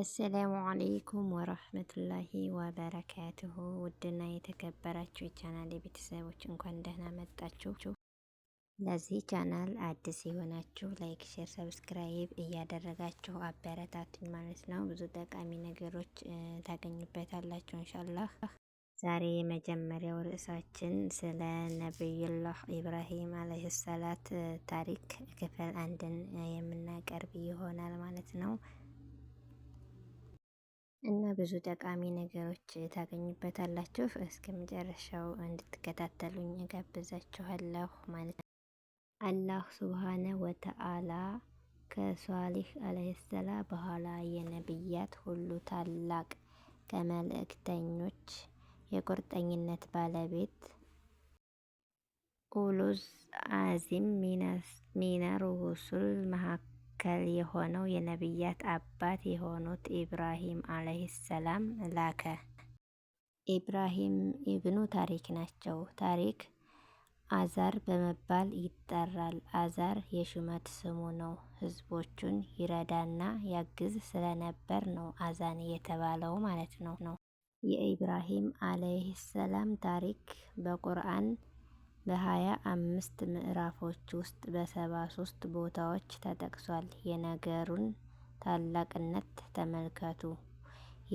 አሰላሙ አለይኩም ወረህመቱላሂ ወበረካትሁ ውድና የተከበራችሁ የቻናል የቤተሰቦች እንኳን ደህና መጣችሁ። ለዚህ ቻናል አዲስ የሆናችሁ ላይክ፣ ሼር፣ ሰብስክራይብ እያደረጋችሁ አበረታቱኝ ማለት ነው። ብዙ ጠቃሚ ነገሮች ታገኙበታላችሁ እንሻላህ። ዛሬ የመጀመሪያው ርዕሳችን ስለ ነቢዩላህ ኢብራሂም አለይሂ ሰላት ታሪክ ክፍል አንድን የምናቀርብ ይሆናል ማለት ነው። እና ብዙ ጠቃሚ ነገሮች ታገኙበታላችሁ። እስከ መጨረሻው እንድትከታተሉኝ እጋብዛችኋለሁ ማለት ነው። አላህ ሱብሃነ ወተአላ ከሷሊህ አለይሂ ሰላም በኋላ የነብያት ሁሉ ታላቅ ከመልእክተኞች የቁርጠኝነት ባለቤት ኡሉዝ አዚም ሚና ሩሱል መካከል መካከል የሆነው የነቢያት አባት የሆኑት ኢብራሂም አለይሂ ሰላም ላከ። ኢብራሂም ኢብኑ ታሪክ ናቸው። ታሪክ አዛር በመባል ይጠራል። አዛር የሹመት ስሙ ነው። ህዝቦቹን ይረዳና ያግዝ ስለነበር ነው አዛን የተባለው ማለት ነው ነው የኢብራሂም አለይሂ ሰላም ታሪክ በቁርአን በሀያ አምስት ምዕራፎች ውስጥ በሰባ ሶስት ቦታዎች ተጠቅሷል። የነገሩን ታላቅነት ተመልከቱ።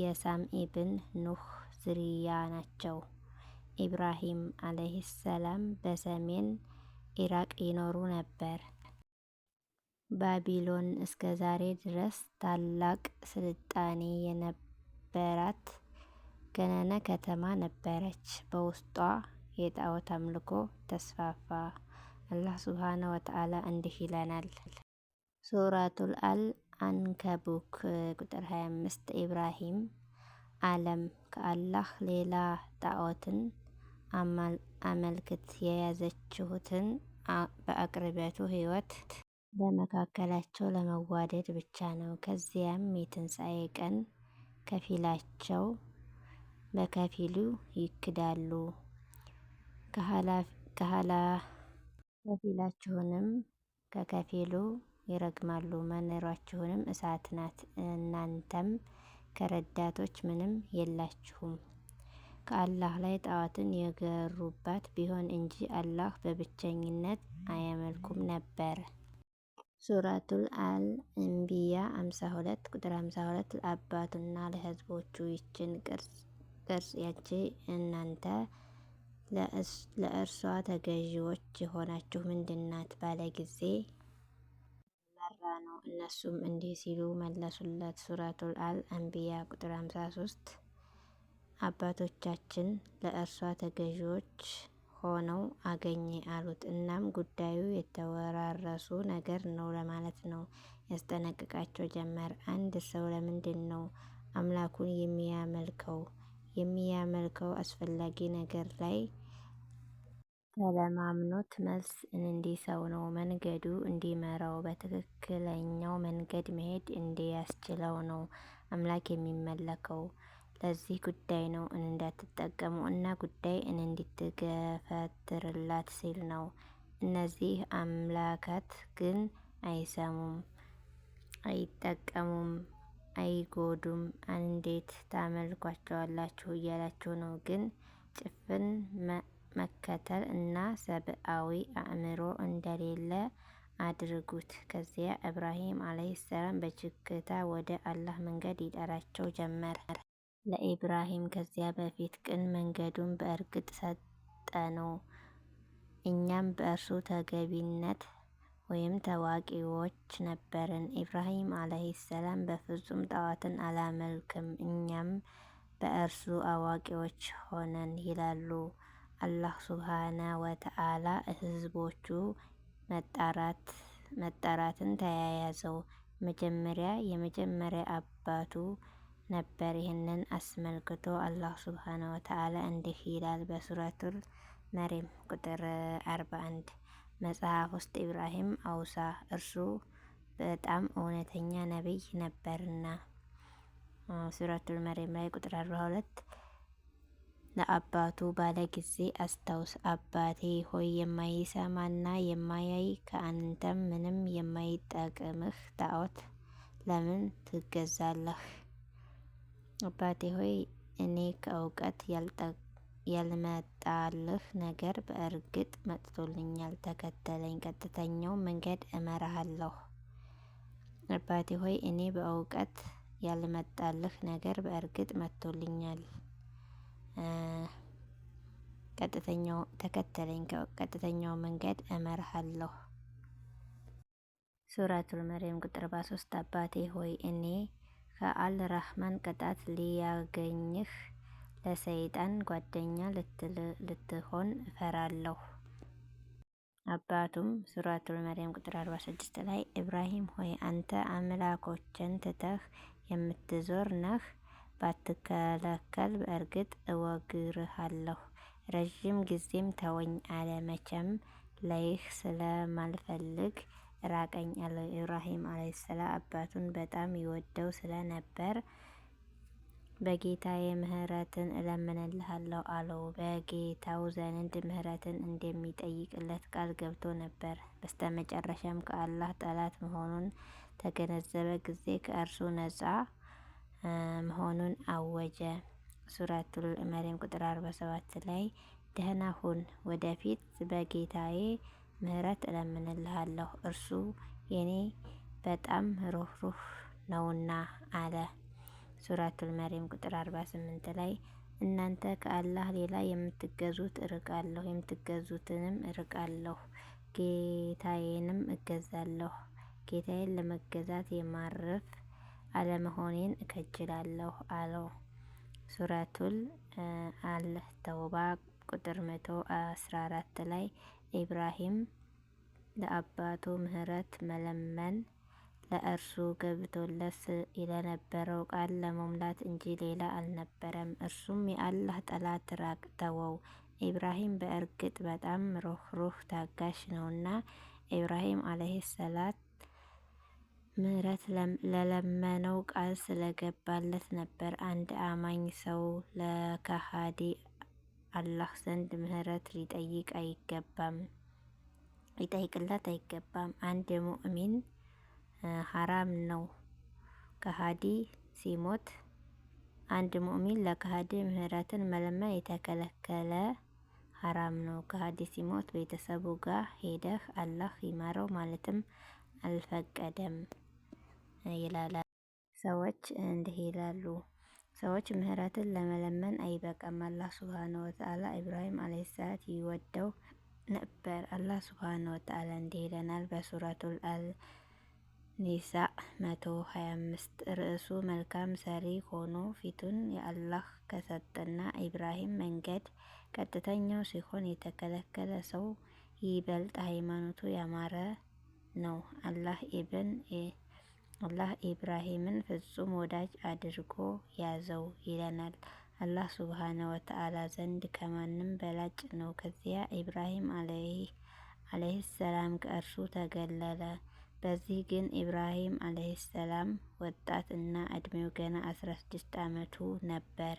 የሳም ኢብን ኑህ ዝርያ ናቸው። ኢብራሂም ዓለይሂ ሰላም በሰሜን ኢራቅ ይኖሩ ነበር። ባቢሎን እስከ ዛሬ ድረስ ታላቅ ስልጣኔ የነበራት ገናና ከተማ ነበረች። በውስጧ የጣዖት አምልኮ ተስፋፋ። አላህ ሱብሃነ ወተዓላ እንዲህ ይለናል። ሱራቱል አል አንከቡክ ቁጥር 25 ኢብራሂም አለም ከአላህ ሌላ ጣዖትን አመልክት የያዘችሁትን በአቅርቤቱ ህይወት በመካከላቸው ለመዋደድ ብቻ ነው። ከዚያም የትንሣኤ ቀን ከፊላቸው በከፊሉ ይክዳሉ። ከፊላችሁንም ከከፊሉ ይረግማሉ፣ መኖሯችሁንም እሳት ናት። እናንተም ከረዳቶች ምንም የላችሁም። ከአላህ ላይ ጣዖትን የገሩባት ቢሆን እንጂ አላህ በብቸኝነት አያመልኩም ነበር። ሱራቱል አል አንቢያ 52 ቁጥር 52 ለአባቱና ለህዝቦቹ ይችን ቅርጽ ያቺ እናንተ ለእርሷ ተገዢዎች የሆናችሁ ምንድናት ባለ ጊዜ መራ ነው። እነሱም እንዲህ ሲሉ መለሱለት። ሱረቱል አል አንቢያ ቁጥር 53 አባቶቻችን ለእርሷ ተገዢዎች ሆነው አገኘ አሉት። እናም ጉዳዩ የተወራረሱ ነገር ነው ለማለት ነው። ያስጠነቅቃቸው ጀመር። አንድ ሰው ለምንድን ነው አምላኩን የሚያመልከው? የሚያመልከው አስፈላጊ ነገር ላይ ተለማምኖት መልስ እንዲሰው ነው መንገዱ እንዲመራው በትክክለኛው መንገድ መሄድ እንዲያስችለው ነው አምላክ የሚመለከው። ለዚህ ጉዳይ ነው እንዳትጠቀሙ እና ጉዳይ እንዲትገፈትርላት ሲል ነው። እነዚህ አምላካት ግን አይሰሙም፣ አይጠቀሙም፣ አይጎዱም። እንዴት ታመልኳቸዋላችሁ እያላችሁ ነው። ግን ጭፍን መከተል እና ሰብአዊ አእምሮ እንደሌለ አድርጉት። ከዚያ ኢብራሂም ዓለይሂ ሰላም በችክታ ወደ አላህ መንገድ ይጠራቸው ጀመር። ለኢብራሂም ከዚያ በፊት ቅን መንገዱን በእርግጥ ሰጠነው፣ እኛም በእርሱ ተገቢነት ወይም ታዋቂዎች ነበርን። ኢብራሂም ዓለይሂ ሰላም በፍጹም ጣዖትን አላመልክም እኛም በእርሱ አዋቂዎች ሆነን ይላሉ። አላህ ሱብሃነ ወተአላ ህዝቦቹ መጣራትን ተያያዘው። መጀመሪያ የመጀመሪያ አባቱ ነበር። ይህንን አስመልክቶ አላህ ሱብሃነ ወተአላ እንዲህ ይላል በሱረቱል መሪም ቁጥር 41 መጽሐፍ ውስጥ ኢብራሂም አውሳ እርሱ በጣም እውነተኛ ነቢይ ነበርና። ሱረቱል መሪም ላይ ቁጥር 42 ለአባቱ ባለ ጊዜ አስታውስ። አባቴ ሆይ የማይሰማና የማያይ ከአንተም ምንም የማይጠቅምህ ጣዖት ለምን ትገዛለህ? አባቴ ሆይ እኔ ከእውቀት ያልመጣልህ ነገር በእርግጥ መጥቶልኛል። ተከተለኝ፣ ቀጥተኛው መንገድ እመራሃለሁ። አባቴ ሆይ እኔ በእውቀት ያልመጣልህ ነገር በእርግጥ መጥቶልኛል። ቀጥተኛው ተከተለኝ፣ ቀጥተኛው መንገድ እመርሃለሁ። ሱረቱል መርየም ቁጥር 43 አባቴ ሆይ እኔ ረህማን ቅጣት ሊያገኝህ ለሰይጣን ጓደኛ ልትሆን እፈራለሁ። አባቱም ሱረቱል መርየም ቁጥር 46 ላይ ኢብራሂም ሆይ አንተ አምላኮችን ትተህ የምትዞር ነህ ባትከለከል በእርግጥ እወግርሃለሁ። ረዥም ጊዜም ተወኝ አለ። መቼም ላይህ ስለማልፈልግ ራቀኝ አለው። ኢብራሂም ዓለይሂ ሰላም አባቱን በጣም ይወደው ስለነበር በጌታዬ ምህረትን እለምንልሃለሁ አለው። በጌታው ዘንድ ምህረትን እንደሚጠይቅለት ቃል ገብቶ ነበር። በስተመጨረሻም ከአላህ ጠላት መሆኑን ተገነዘበ ጊዜ ከእርሱ ነጻ መሆኑን አወጀ። ሱረቱል መሪም ቁጥር 47 ላይ ደህና ሁን፣ ወደፊት በጌታዬ ምህረት እለምንልሃለሁ እርሱ የኔ በጣም ሩህሩህ ነውና አለ። ሱረቱል መሪም ቁጥር 48 ላይ እናንተ ከአላህ ሌላ የምትገዙት እርቃለሁ የምትገዙትንም እርቃለሁ ጌታዬንም እገዛለሁ ጌታዬን ለመገዛት የማርፍ አለመሆኔን እከጅላለሁ አለው። ሱረቱል አል ተውባ ቁጥር አራት ላይ ኢብራሂም ለአባቱ ምህረት መለመን ለእርሱ ገብቶለት ለነበረው ቃል ለመሙላት እንጂ ሌላ አልነበረም። እርሱም የአላህ ጠላት ራቅ ተወው። ኢብራሂም በእርግጥ በጣም ሩህሩህ ታጋሽ ነውና ኢብራሂም አለህ ሰላት ምህረት ለለመነው ቃል ስለገባለት ነበር። አንድ አማኝ ሰው ለከሃዲ አላህ ዘንድ ምህረት ሊጠይቅ አይገባም ሊጠይቅላት አይገባም። አንድ ሙእሚን ሀራም ነው። ከሃዲ ሲሞት አንድ ሙእሚን ለከሃዲ ምህረትን መለመን የተከለከለ ሀራም ነው። ከሃዲ ሲሞት ቤተሰቡ ጋር ሄደህ አላህ ይማረው ማለትም አልፈቀደም። ይላል። ሰዎች እንዲህ ይላሉ፣ ሰዎች ምህረትን ለመለመን አይበቃም። አላህ ሱብሃነ ወተዓላ ኢብራሂም ዓለይሂ ሰላት ይወደው ነበር። አላህ ሱብሃነ ወተዓላ እንዲህ ይለናል በሱረቱል አል-ኒሳ 125 ርዕሱ መልካም ሰሪ ሆኖ ፊቱን ለአላህ ከሰጠና ኢብራሂም መንገድ ቀጥተኛው ሲሆን የተከለከለ ሰው ይበልጥ ሃይማኖቱ ያማረ ነው። አላህ ኢብን አላህ ኢብራሂምን ፍጹም ወዳጅ አድርጎ ያዘው ይለናል። አላህ ሱብሃነ ወተዓላ ዘንድ ከማንም በላጭ ነው። ከዚያ ኢብራሂም አለይሂ ሰላም ከእርሱ ተገለለ። በዚህ ግን ኢብራሂም አለይሂ ሰላም ወጣት እና እድሜው ገና አስራ ስድስት አመቱ ነበር።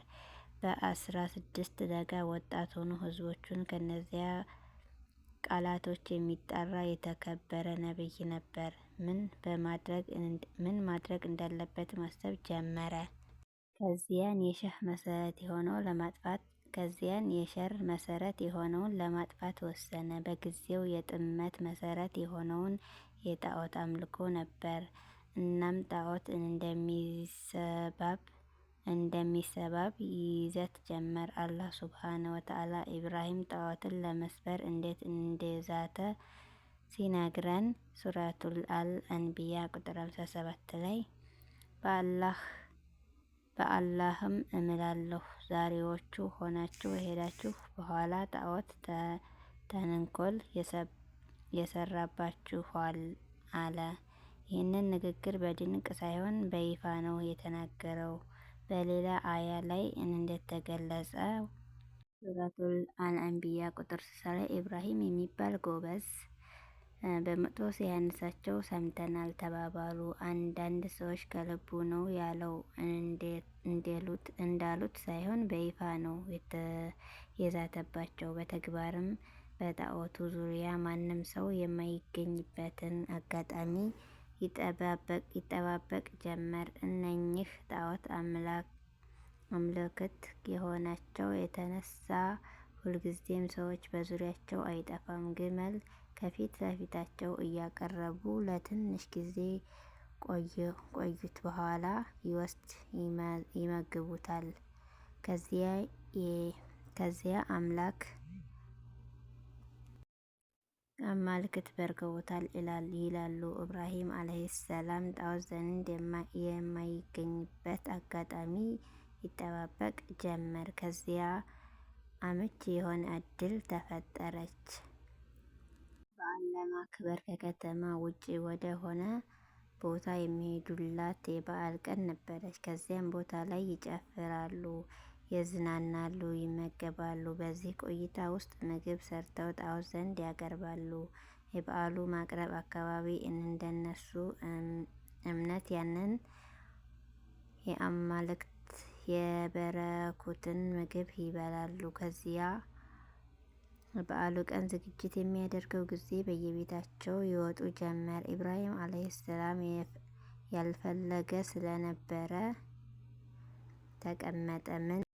በአስራ ስድስት ለጋ ወጣት ሆኖ ህዝቦቹን ከነዚያ ቃላቶች የሚጠራ የተከበረ ነብይ ነበር። ምን በማድረግ ምን ማድረግ እንዳለበት ማሰብ ጀመረ። ከዚያን የሸህ መሰረት የሆነው ለማጥፋት ከዚያን የሸር መሰረት የሆነውን ለማጥፋት ወሰነ። በጊዜው የጥመት መሰረት የሆነውን የጣዖት አምልኮ ነበር። እናም ጣዖት እንደሚሰባብ እንደሚሰባብ ይዘት ጀመር። አላህ ሱብሃነ ወተዓላ ኢብራሂም ጣዖትን ለመስበር እንዴት እንደዛተ ሲነግረን ሱራቱል አንቢያ ቁጥር 57 ላይ በአላህ በአላህም እምላለሁ ዛሬዎቹ ሆናችሁ የሄዳችሁ በኋላ ጣዖት ተንኮል የሰራባችኋል አለ። ይህንን ንግግር በድንቅ ሳይሆን በይፋ ነው የተናገረው። በሌላ አያ ላይ እንደተገለጸው ሱረቱል አንቢያ ቁጥር ስራ ኢብራሂም የሚባል ጎበዝ በመጥፎ ሲያነሳቸው ሰምተናል ተባባሉ። አንዳንድ ሰዎች ከልቡ ነው ያለው እንዳሉት ሳይሆን በይፋ ነው የተየዛተባቸው። በተግባርም በጣዖቱ ዙሪያ ማንም ሰው የማይገኝበትን አጋጣሚ ይጠባበቅ ጀመር። እነኚህ ጣዖት አምልክት የሆናቸው የተነሳ ሁልጊዜም ሰዎች በዙሪያቸው አይጠፋም። ግመል ከፊት ለፊታቸው እያቀረቡ ለትንሽ ጊዜ ቆዩት በኋላ ይወስድ ይመግቡታል። ከዚያ አምላክ አማልክት በርክቦታል ይላሉ። ኢብራሂም ዓለይሂ ሰላም ጣዖት ዘንድ የማይገኝበት አጋጣሚ ይጠባበቅ ጀመር። ከዚያ አመች የሆነ እድል ተፈጠረች። ለማክበር ከከተማ ውጭ ወደ ሆነ ቦታ የሚሄዱላት የበዓል ቀን ነበረች። ከዚያም ቦታ ላይ ይጨፍራሉ፣ ይዝናናሉ፣ ይመገባሉ። በዚህ ቆይታ ውስጥ ምግብ ሰርተው ጣዖት ዘንድ ያቀርባሉ። የበዓሉ ማቅረብ አካባቢ እንደነሱ እምነት ያንን የአማልክት የበረኩትን ምግብ ይበላሉ። ከዚያ በዓሉ ቀን ዝግጅት የሚያደርገው ጊዜ በየቤታቸው ይወጡ ጀመር። ኢብራሂም ዓለይሂ ሰላም ያልፈለገ ስለነበረ ተቀመጠ። ምን